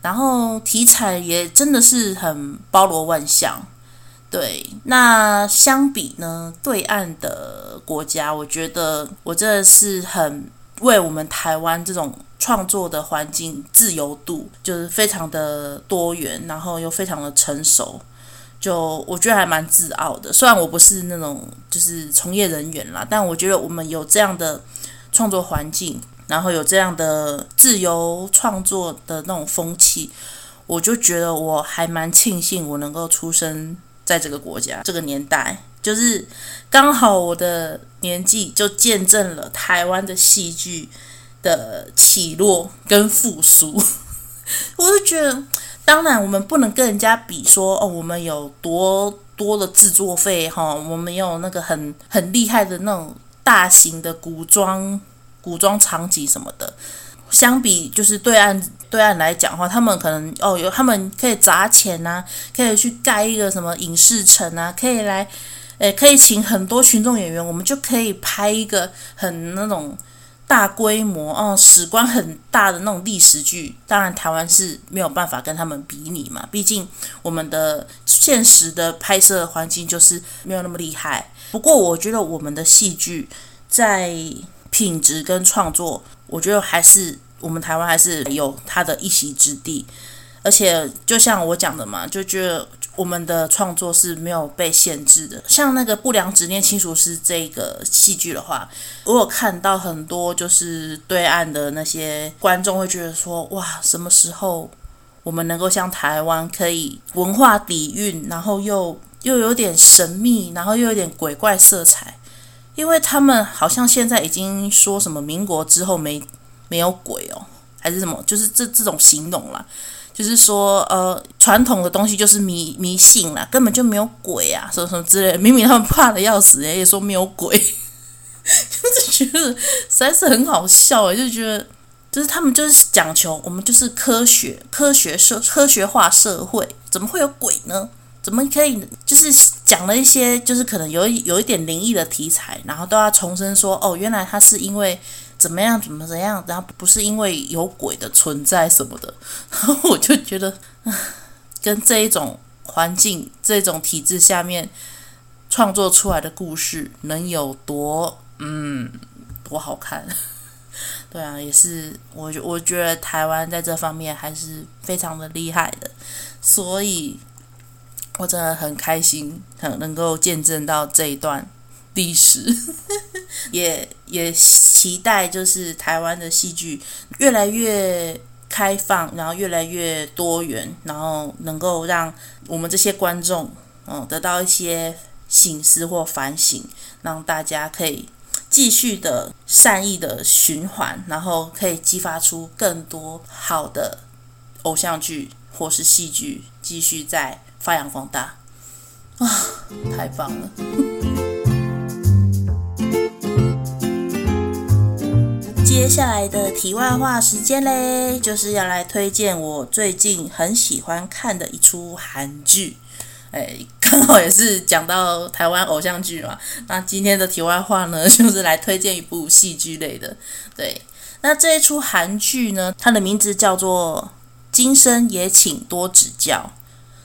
然後題材也真的是很包羅萬象。對，那相比呢，對岸的國家，我覺得我這是很為我們台灣這種創作的環境自由度，就是非常的多元，然後又非常的成熟，就我覺得還蠻自傲的。雖然我不是那種就是從業人員啦，但我覺得我們有這樣的創作環境，然後有這樣的自由創作的那種風氣，我就覺得我還蠻慶幸我能夠出生。在這個國家、這個年代，就是剛好我的年紀，就見證了台灣的戲劇的起落跟復甦。 我就覺得，當然我們不能跟人家比說，說哦，我們有多多的製作費哈、哦，我們有那個很很厲害的那種大型的古裝古裝場景什麼的，相比就是對岸。對岸來講的話，他們可能哦，有他們可以砸錢吶、啊，可以去蓋一個什麼影視城啊，可以來，誒，可以請很多群眾演員，我們就可以拍一個很那種大規模哦，史觀很大的那種歷史劇。當然，台灣是沒有辦法跟他們比擬嘛，畢竟我們的現實的拍攝環境就是沒有那麼厲害。不過，我覺得我們的戲劇在品質跟創作，我覺得還是。我們台灣還是有它的一席之地，而且就像我講的嘛，就覺得我們的創作是沒有被限制的。像那個《不良執念清除師》這個戲劇的話，我有看到很多就是對岸的那些觀眾會覺得說：“哇，什麼時候我們能夠像台灣可以文化底蘊，然後又又有點神秘，然後又有點鬼怪色彩？”因為他們好像現在已經說什麼民國之後沒。沒有鬼哦，還是什麼？就是這這種形容啦。就是說，呃，傳統的東西就是迷迷信啦，根本就沒有鬼啊，什麼什麼之類的。明明他們怕得要死，也說沒有鬼， 就是覺得實在是很好笑哎，就覺得就是他們就是講求我們就是科學，科學社，科學化社會，怎麼會有鬼呢？怎麼可以就是講了一些就是可能有一有一點靈異的題材，然後都要重申說，哦，原來他是因為。怎麼樣？怎麼怎樣？然後不是因為有鬼的存在什麼的， 我就覺得，跟這一種環境、這種體制下面創作出來的故事能有多嗯多好看？ 對啊，也是我我覺得台灣在這方面還是非常的厲害的，所以我真的很開心，很能，能夠見證到這一段。歷史第 也也期待，就是台灣的戲劇越來越開放，然後越來越多元，然後能夠讓我們這些觀眾，嗯，得到一些省思或反省，讓大家可以繼續的善意的循環，然後可以激發出更多好的偶像劇或是戲劇，繼續在發揚光大。啊、哦，太棒了！ 接下來的題外話時間嘞，就是要來推薦我最近很喜歡看的一出韓劇。誒，剛好也是講到台灣偶像劇嘛，那今天的題外話呢，就是來推薦一部戲劇類的。對，那這一出韓劇呢，它的名字叫做《今生也請多指教》。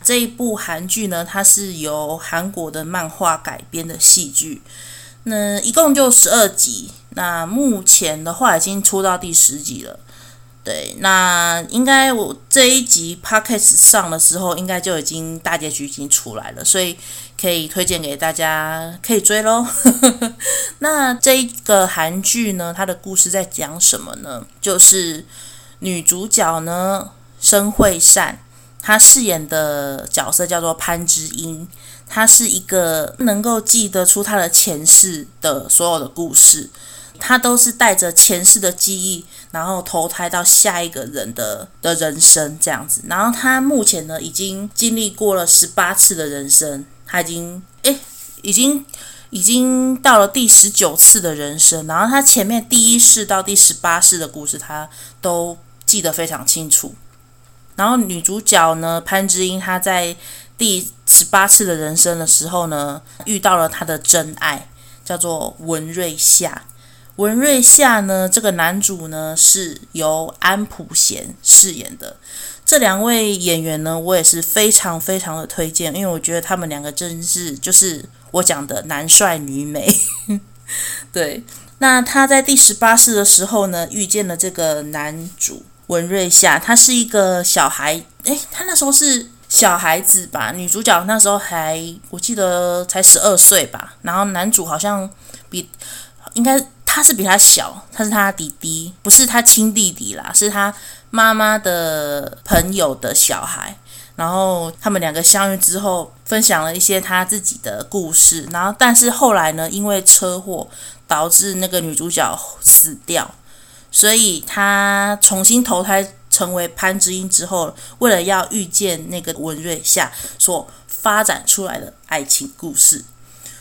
這一部韓劇呢，它是由韓國的漫畫改編的戲劇。那一共就十二集，那目前的話已經出到第十集了，對，那應該我這一集 podcast 上的時候，應該就已經大結局已經出來了，所以可以推薦給大家，可以追嘍。 那這一個韓劇呢，它的故事在講什麼呢？就是女主角呢，申惠善，她飾演的角色叫做潘知音。他是一個能夠記得出他的前世的所有的故事，他都是帶着前世的記憶，然後投胎到下一個人的的人生這樣子。然後他目前呢，已經經歷過了十八次的人生，他已經誒已經已經到了第十九次的人生。然後他前面第一世到第十八世的故事，他都記得非常清楚。然後女主角呢，潘知音，她在第十八次的人生的時候呢，遇到了他的真愛，叫做文瑞夏。文瑞夏呢，這個男主呢是由安普賢飾演的。這兩位演員呢，我也是非常非常的推薦，因為我覺得他們兩個真是就是我講的男帥女美。 對，那他在第十八次的時候呢，遇見了這個男主文瑞夏，他是一個小孩，誒，他那時候是。小孩子吧，女主角那時候還我記得才十二歲吧，然後男主好像比應該他是比她小，他是他的弟弟，不是他親弟弟啦，是他媽媽的朋友的小孩。然後他們兩個相遇之後，分享了一些他自己的故事。然後但是後來呢，因為車禍導致那個女主角死掉，所以他重新投胎。成為潘之音之後，為了要遇見那個文瑞夏，所發展出來的愛情故事，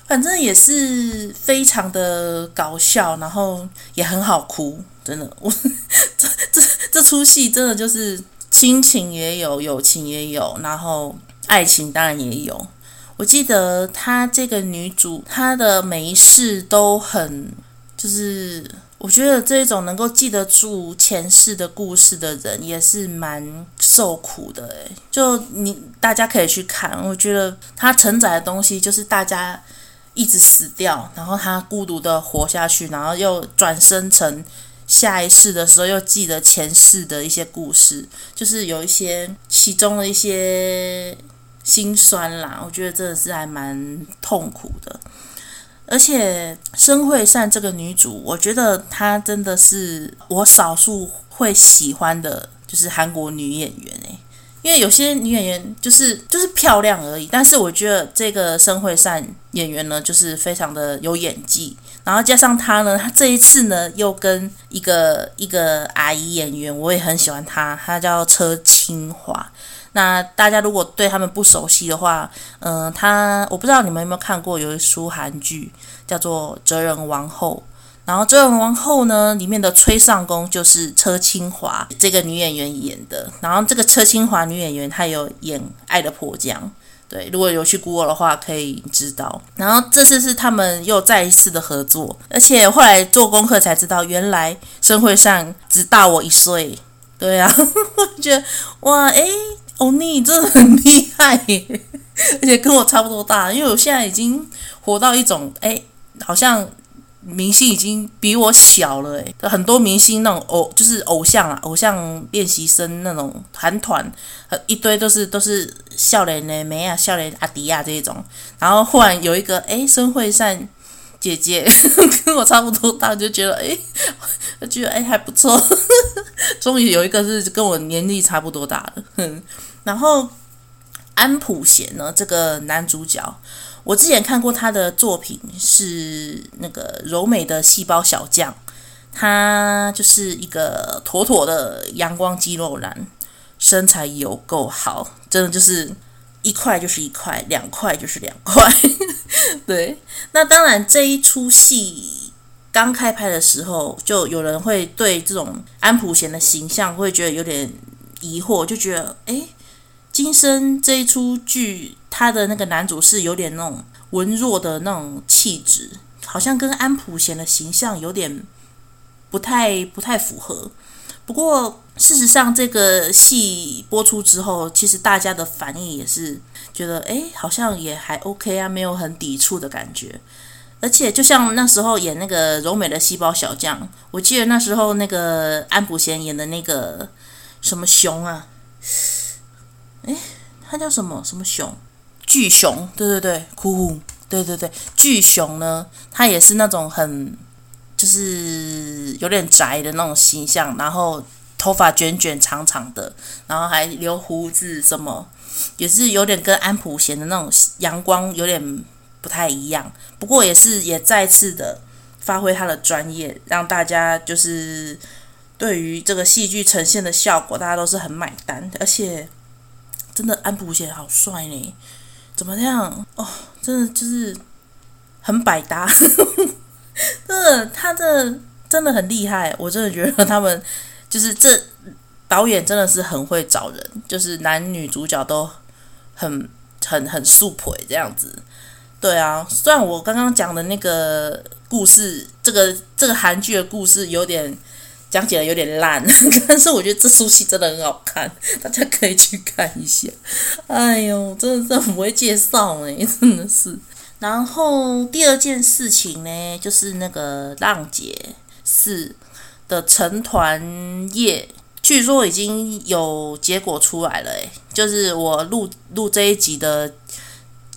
反正也是非常的搞笑，然後也很好哭，真的。我這這這齣戲真的就是親情也有，友情也有，然後愛情當然也有。我記得她這個女主，她的每一世都很就是。我覺得這一種能夠記得住前世的故事的人，也是蠻受苦的誒，就你大家可以去看。我覺得他承載的東西就是大家一直死掉，然後他孤獨的活下去，然後又轉生成下一世的時候，又記得前世的一些故事，就是有一些其中的一些心酸啦。我覺得真的是還蠻痛苦的。而且申惠善這個女主，我覺得她真的是我少數會喜歡的，就是韓國女演員誒，因為有些女演員就是就是漂亮而已，但是我覺得這個申惠善演員呢，就是非常的有演技。然後加上她呢，她這一次呢又跟一個一個阿姨演員，我也很喜歡她，她叫車清華。那大家如果對他們不熟悉的話，嗯、呃，他我不知道你們有沒有看過有一齣韓劇叫做《哲仁王后》，然後《哲仁王后》呢裡面的崔尚宮就是車清華這個女演員演的，然後這個車清華女演員她有演《愛的迫降》，對，如果有去 Google 的話可以知道。然後這次是他們又再一次的合作，而且後來做功課才知道，原來申惠善只大我一歲，對啊， 我覺得哇，誒。歐尼、oh, nice. 真的很厲害耶， 而且跟我差不多大，因為我現在已經活到一種，哎、欸，好像明星已經比我小了。哎，就很多明星那種偶就是偶像啊，偶像練習生那種團團，一堆都是都是笑臉的沒啊，笑臉阿迪亞、啊、這一種，然後忽然有一個哎，孫惠善。姐姐跟我差不多大，就覺得哎，欸、我覺得誒、欸、還不錯，終於有一個是跟我年齡差不多大的。哼，然後安普賢呢，這個男主角，我之前看過他的作品是那個柔美的細胞小將，他就是一個妥妥的陽光肌肉男，身材有夠好，真的就是。一塊就是一塊，兩塊就是兩塊， 對。那當然，這一出戲剛開拍的時候，就有人會對這種安普賢的形象會覺得有點疑惑，就覺得誒，今生這一出劇他的那個男主是有點那種文弱的那種氣質，好像跟安普賢的形象有點不太不太符合。不過，事實上，這個戲播出之後，其實大家的反應也是覺得，哎，好像也還 OK 啊，沒有很抵觸的感覺。而且，就像那時候演那個柔美的細胞小將，我記得那時候那個安普賢演的那個什麼熊啊，哎，他叫什麼什麼熊？巨熊？對對對，酷，對對對，巨熊呢，他也是那種很。就是有點宅的那種形象，然後頭髮捲捲長長的，然後還留鬍子，什麼也是有點跟安普賢的那種陽光有點不太一樣。不過也是也再次的發揮他的專業，讓大家就是對於這個戲劇呈現的效果，大家都是很買單的。而且真的安普賢好帥呢，怎麼這樣哦？真的就是很百搭。這他這真的很厲害，我真的覺得他們就是這導演真的是很會找人，就是男女主角都很很很速配這樣子。對啊，雖然我剛剛講的那個故事，這個這個韓劇的故事有點講起來有點爛，但是我覺得這出戲真的很好看，大家可以去看一下。哎呦，真的真的不會介紹哎，真的是。然後第二件事情呢，就是那個浪姐四的成團夜，據說已經有結果出來了。哎，就是我錄錄這一集的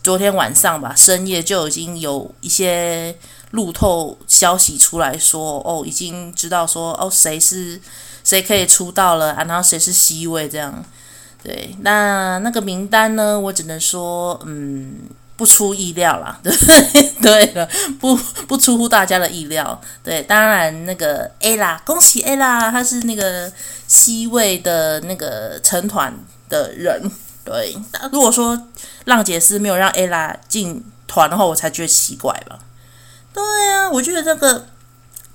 昨天晚上吧，深夜就已經有一些路透消息出來說，哦，已經知道說，哦，誰是誰可以出道了啊，然後誰是 C 位這樣。對，那那個名單呢，我只能說，嗯。不出意料啦，對對的，不不出乎大家的意料。對，當然那個 A 拉，恭喜 A 拉，他是那個 C 位的那個成團的人。對，如果說浪姐是沒有讓 A 拉進團的話，我才覺得奇怪吧。對啊，我覺得這、那個。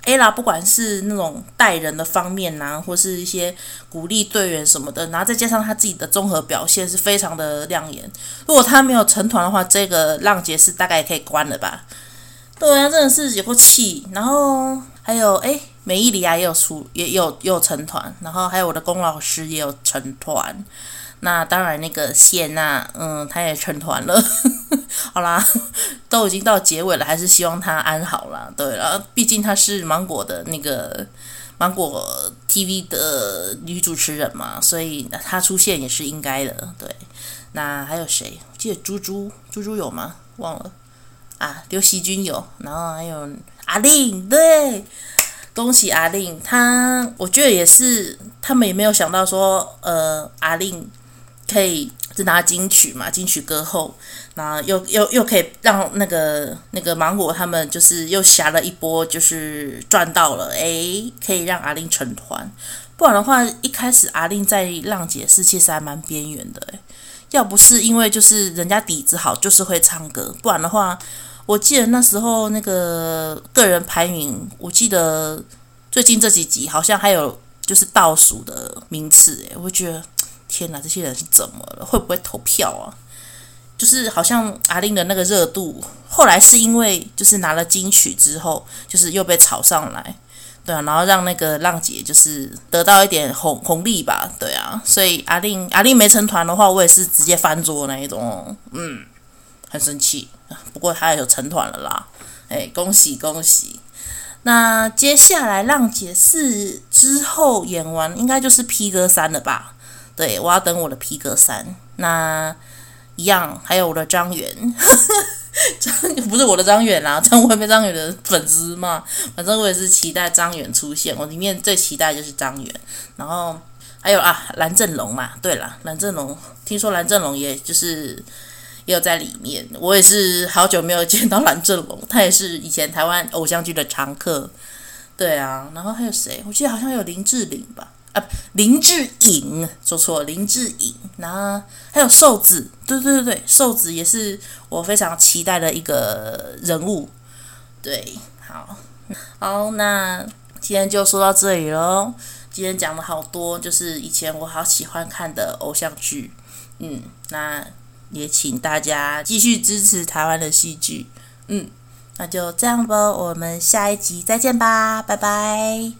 Ella，不管是那種待人的方面吶、啊，或是一些鼓勵隊員什麼的，然後再加上他自己的綜合表現，是非常的亮眼。如果他沒有成團的話，這個浪姐是大概也可以關了吧？對，我真的是有夠氣。然後還有誒、欸，美伊里亞也有出，也有也有成團。然後還有我的龔老師也有成團。那當然，那個謝娜，嗯，她也成團了。 好啦，都已經到結尾了，還是希望她安好啦。對，然後畢竟她是芒果的那個芒果 TV 的女主持人嘛，所以她出現也是應該的。對，那還有誰？我記得豬豬，豬豬有嗎？忘了啊，劉惜君有，然後還有 Ella。對，恭喜 Ella，她我覺得也是，他們也沒有想到說，呃，Ella。可以，就拿金曲嘛，金曲歌後，那又又又可以讓那個那個芒果他們就是又下了一波，就是賺到了誒，可以讓 Ella 成團。不然的話，一開始 Ella 在浪姐是其實還蠻邊緣的誒，要不是因為就是人家底子好，就是會唱歌，不然的話，我記得那時候那個個人排名，我記得最近這幾集好像還有就是倒數的名次誒，我覺得。天哪，這些人是怎麼了？會不會投票啊？就是好像阿令的那個熱度，後來是因為就是拿了金曲之後，就是又被炒上來，對啊，然後讓那個浪姐就是得到一點紅紅利吧，對啊，所以阿令阿令沒成團的話，我也是直接翻桌那一種，嗯，很生氣。不過他也有成團了啦，哎，恭喜恭喜！那接下來浪姐4之後演完，應該就是披哥3了吧？對，我要等我的皮革三，那一樣還有我的張遠，哈哈，張不是我的張遠啦，張我沒張遠的粉絲嘛，反正我也是期待張遠出現，我裡面最期待就是張遠，然後還有啊藍正龍嘛，對啦，藍正龍，聽說藍正龍也就是也有在裡面，我也是好久沒有見到藍正龍，他也是以前台灣偶像劇的常客，對啊，然後還有誰？我記得好像有林志玲吧。啊、呃，林志穎，說錯了，林志穎，然後還有瘦子，對對對對，瘦子也是我非常期待的一個人物，對，好好，那今天就說到這裡嘍，今天講了好多，就是以前我好喜歡看的偶像劇，嗯，那也請大家繼續支持台灣的戲劇，嗯，那就這樣吧，我們下一集再見吧，拜拜。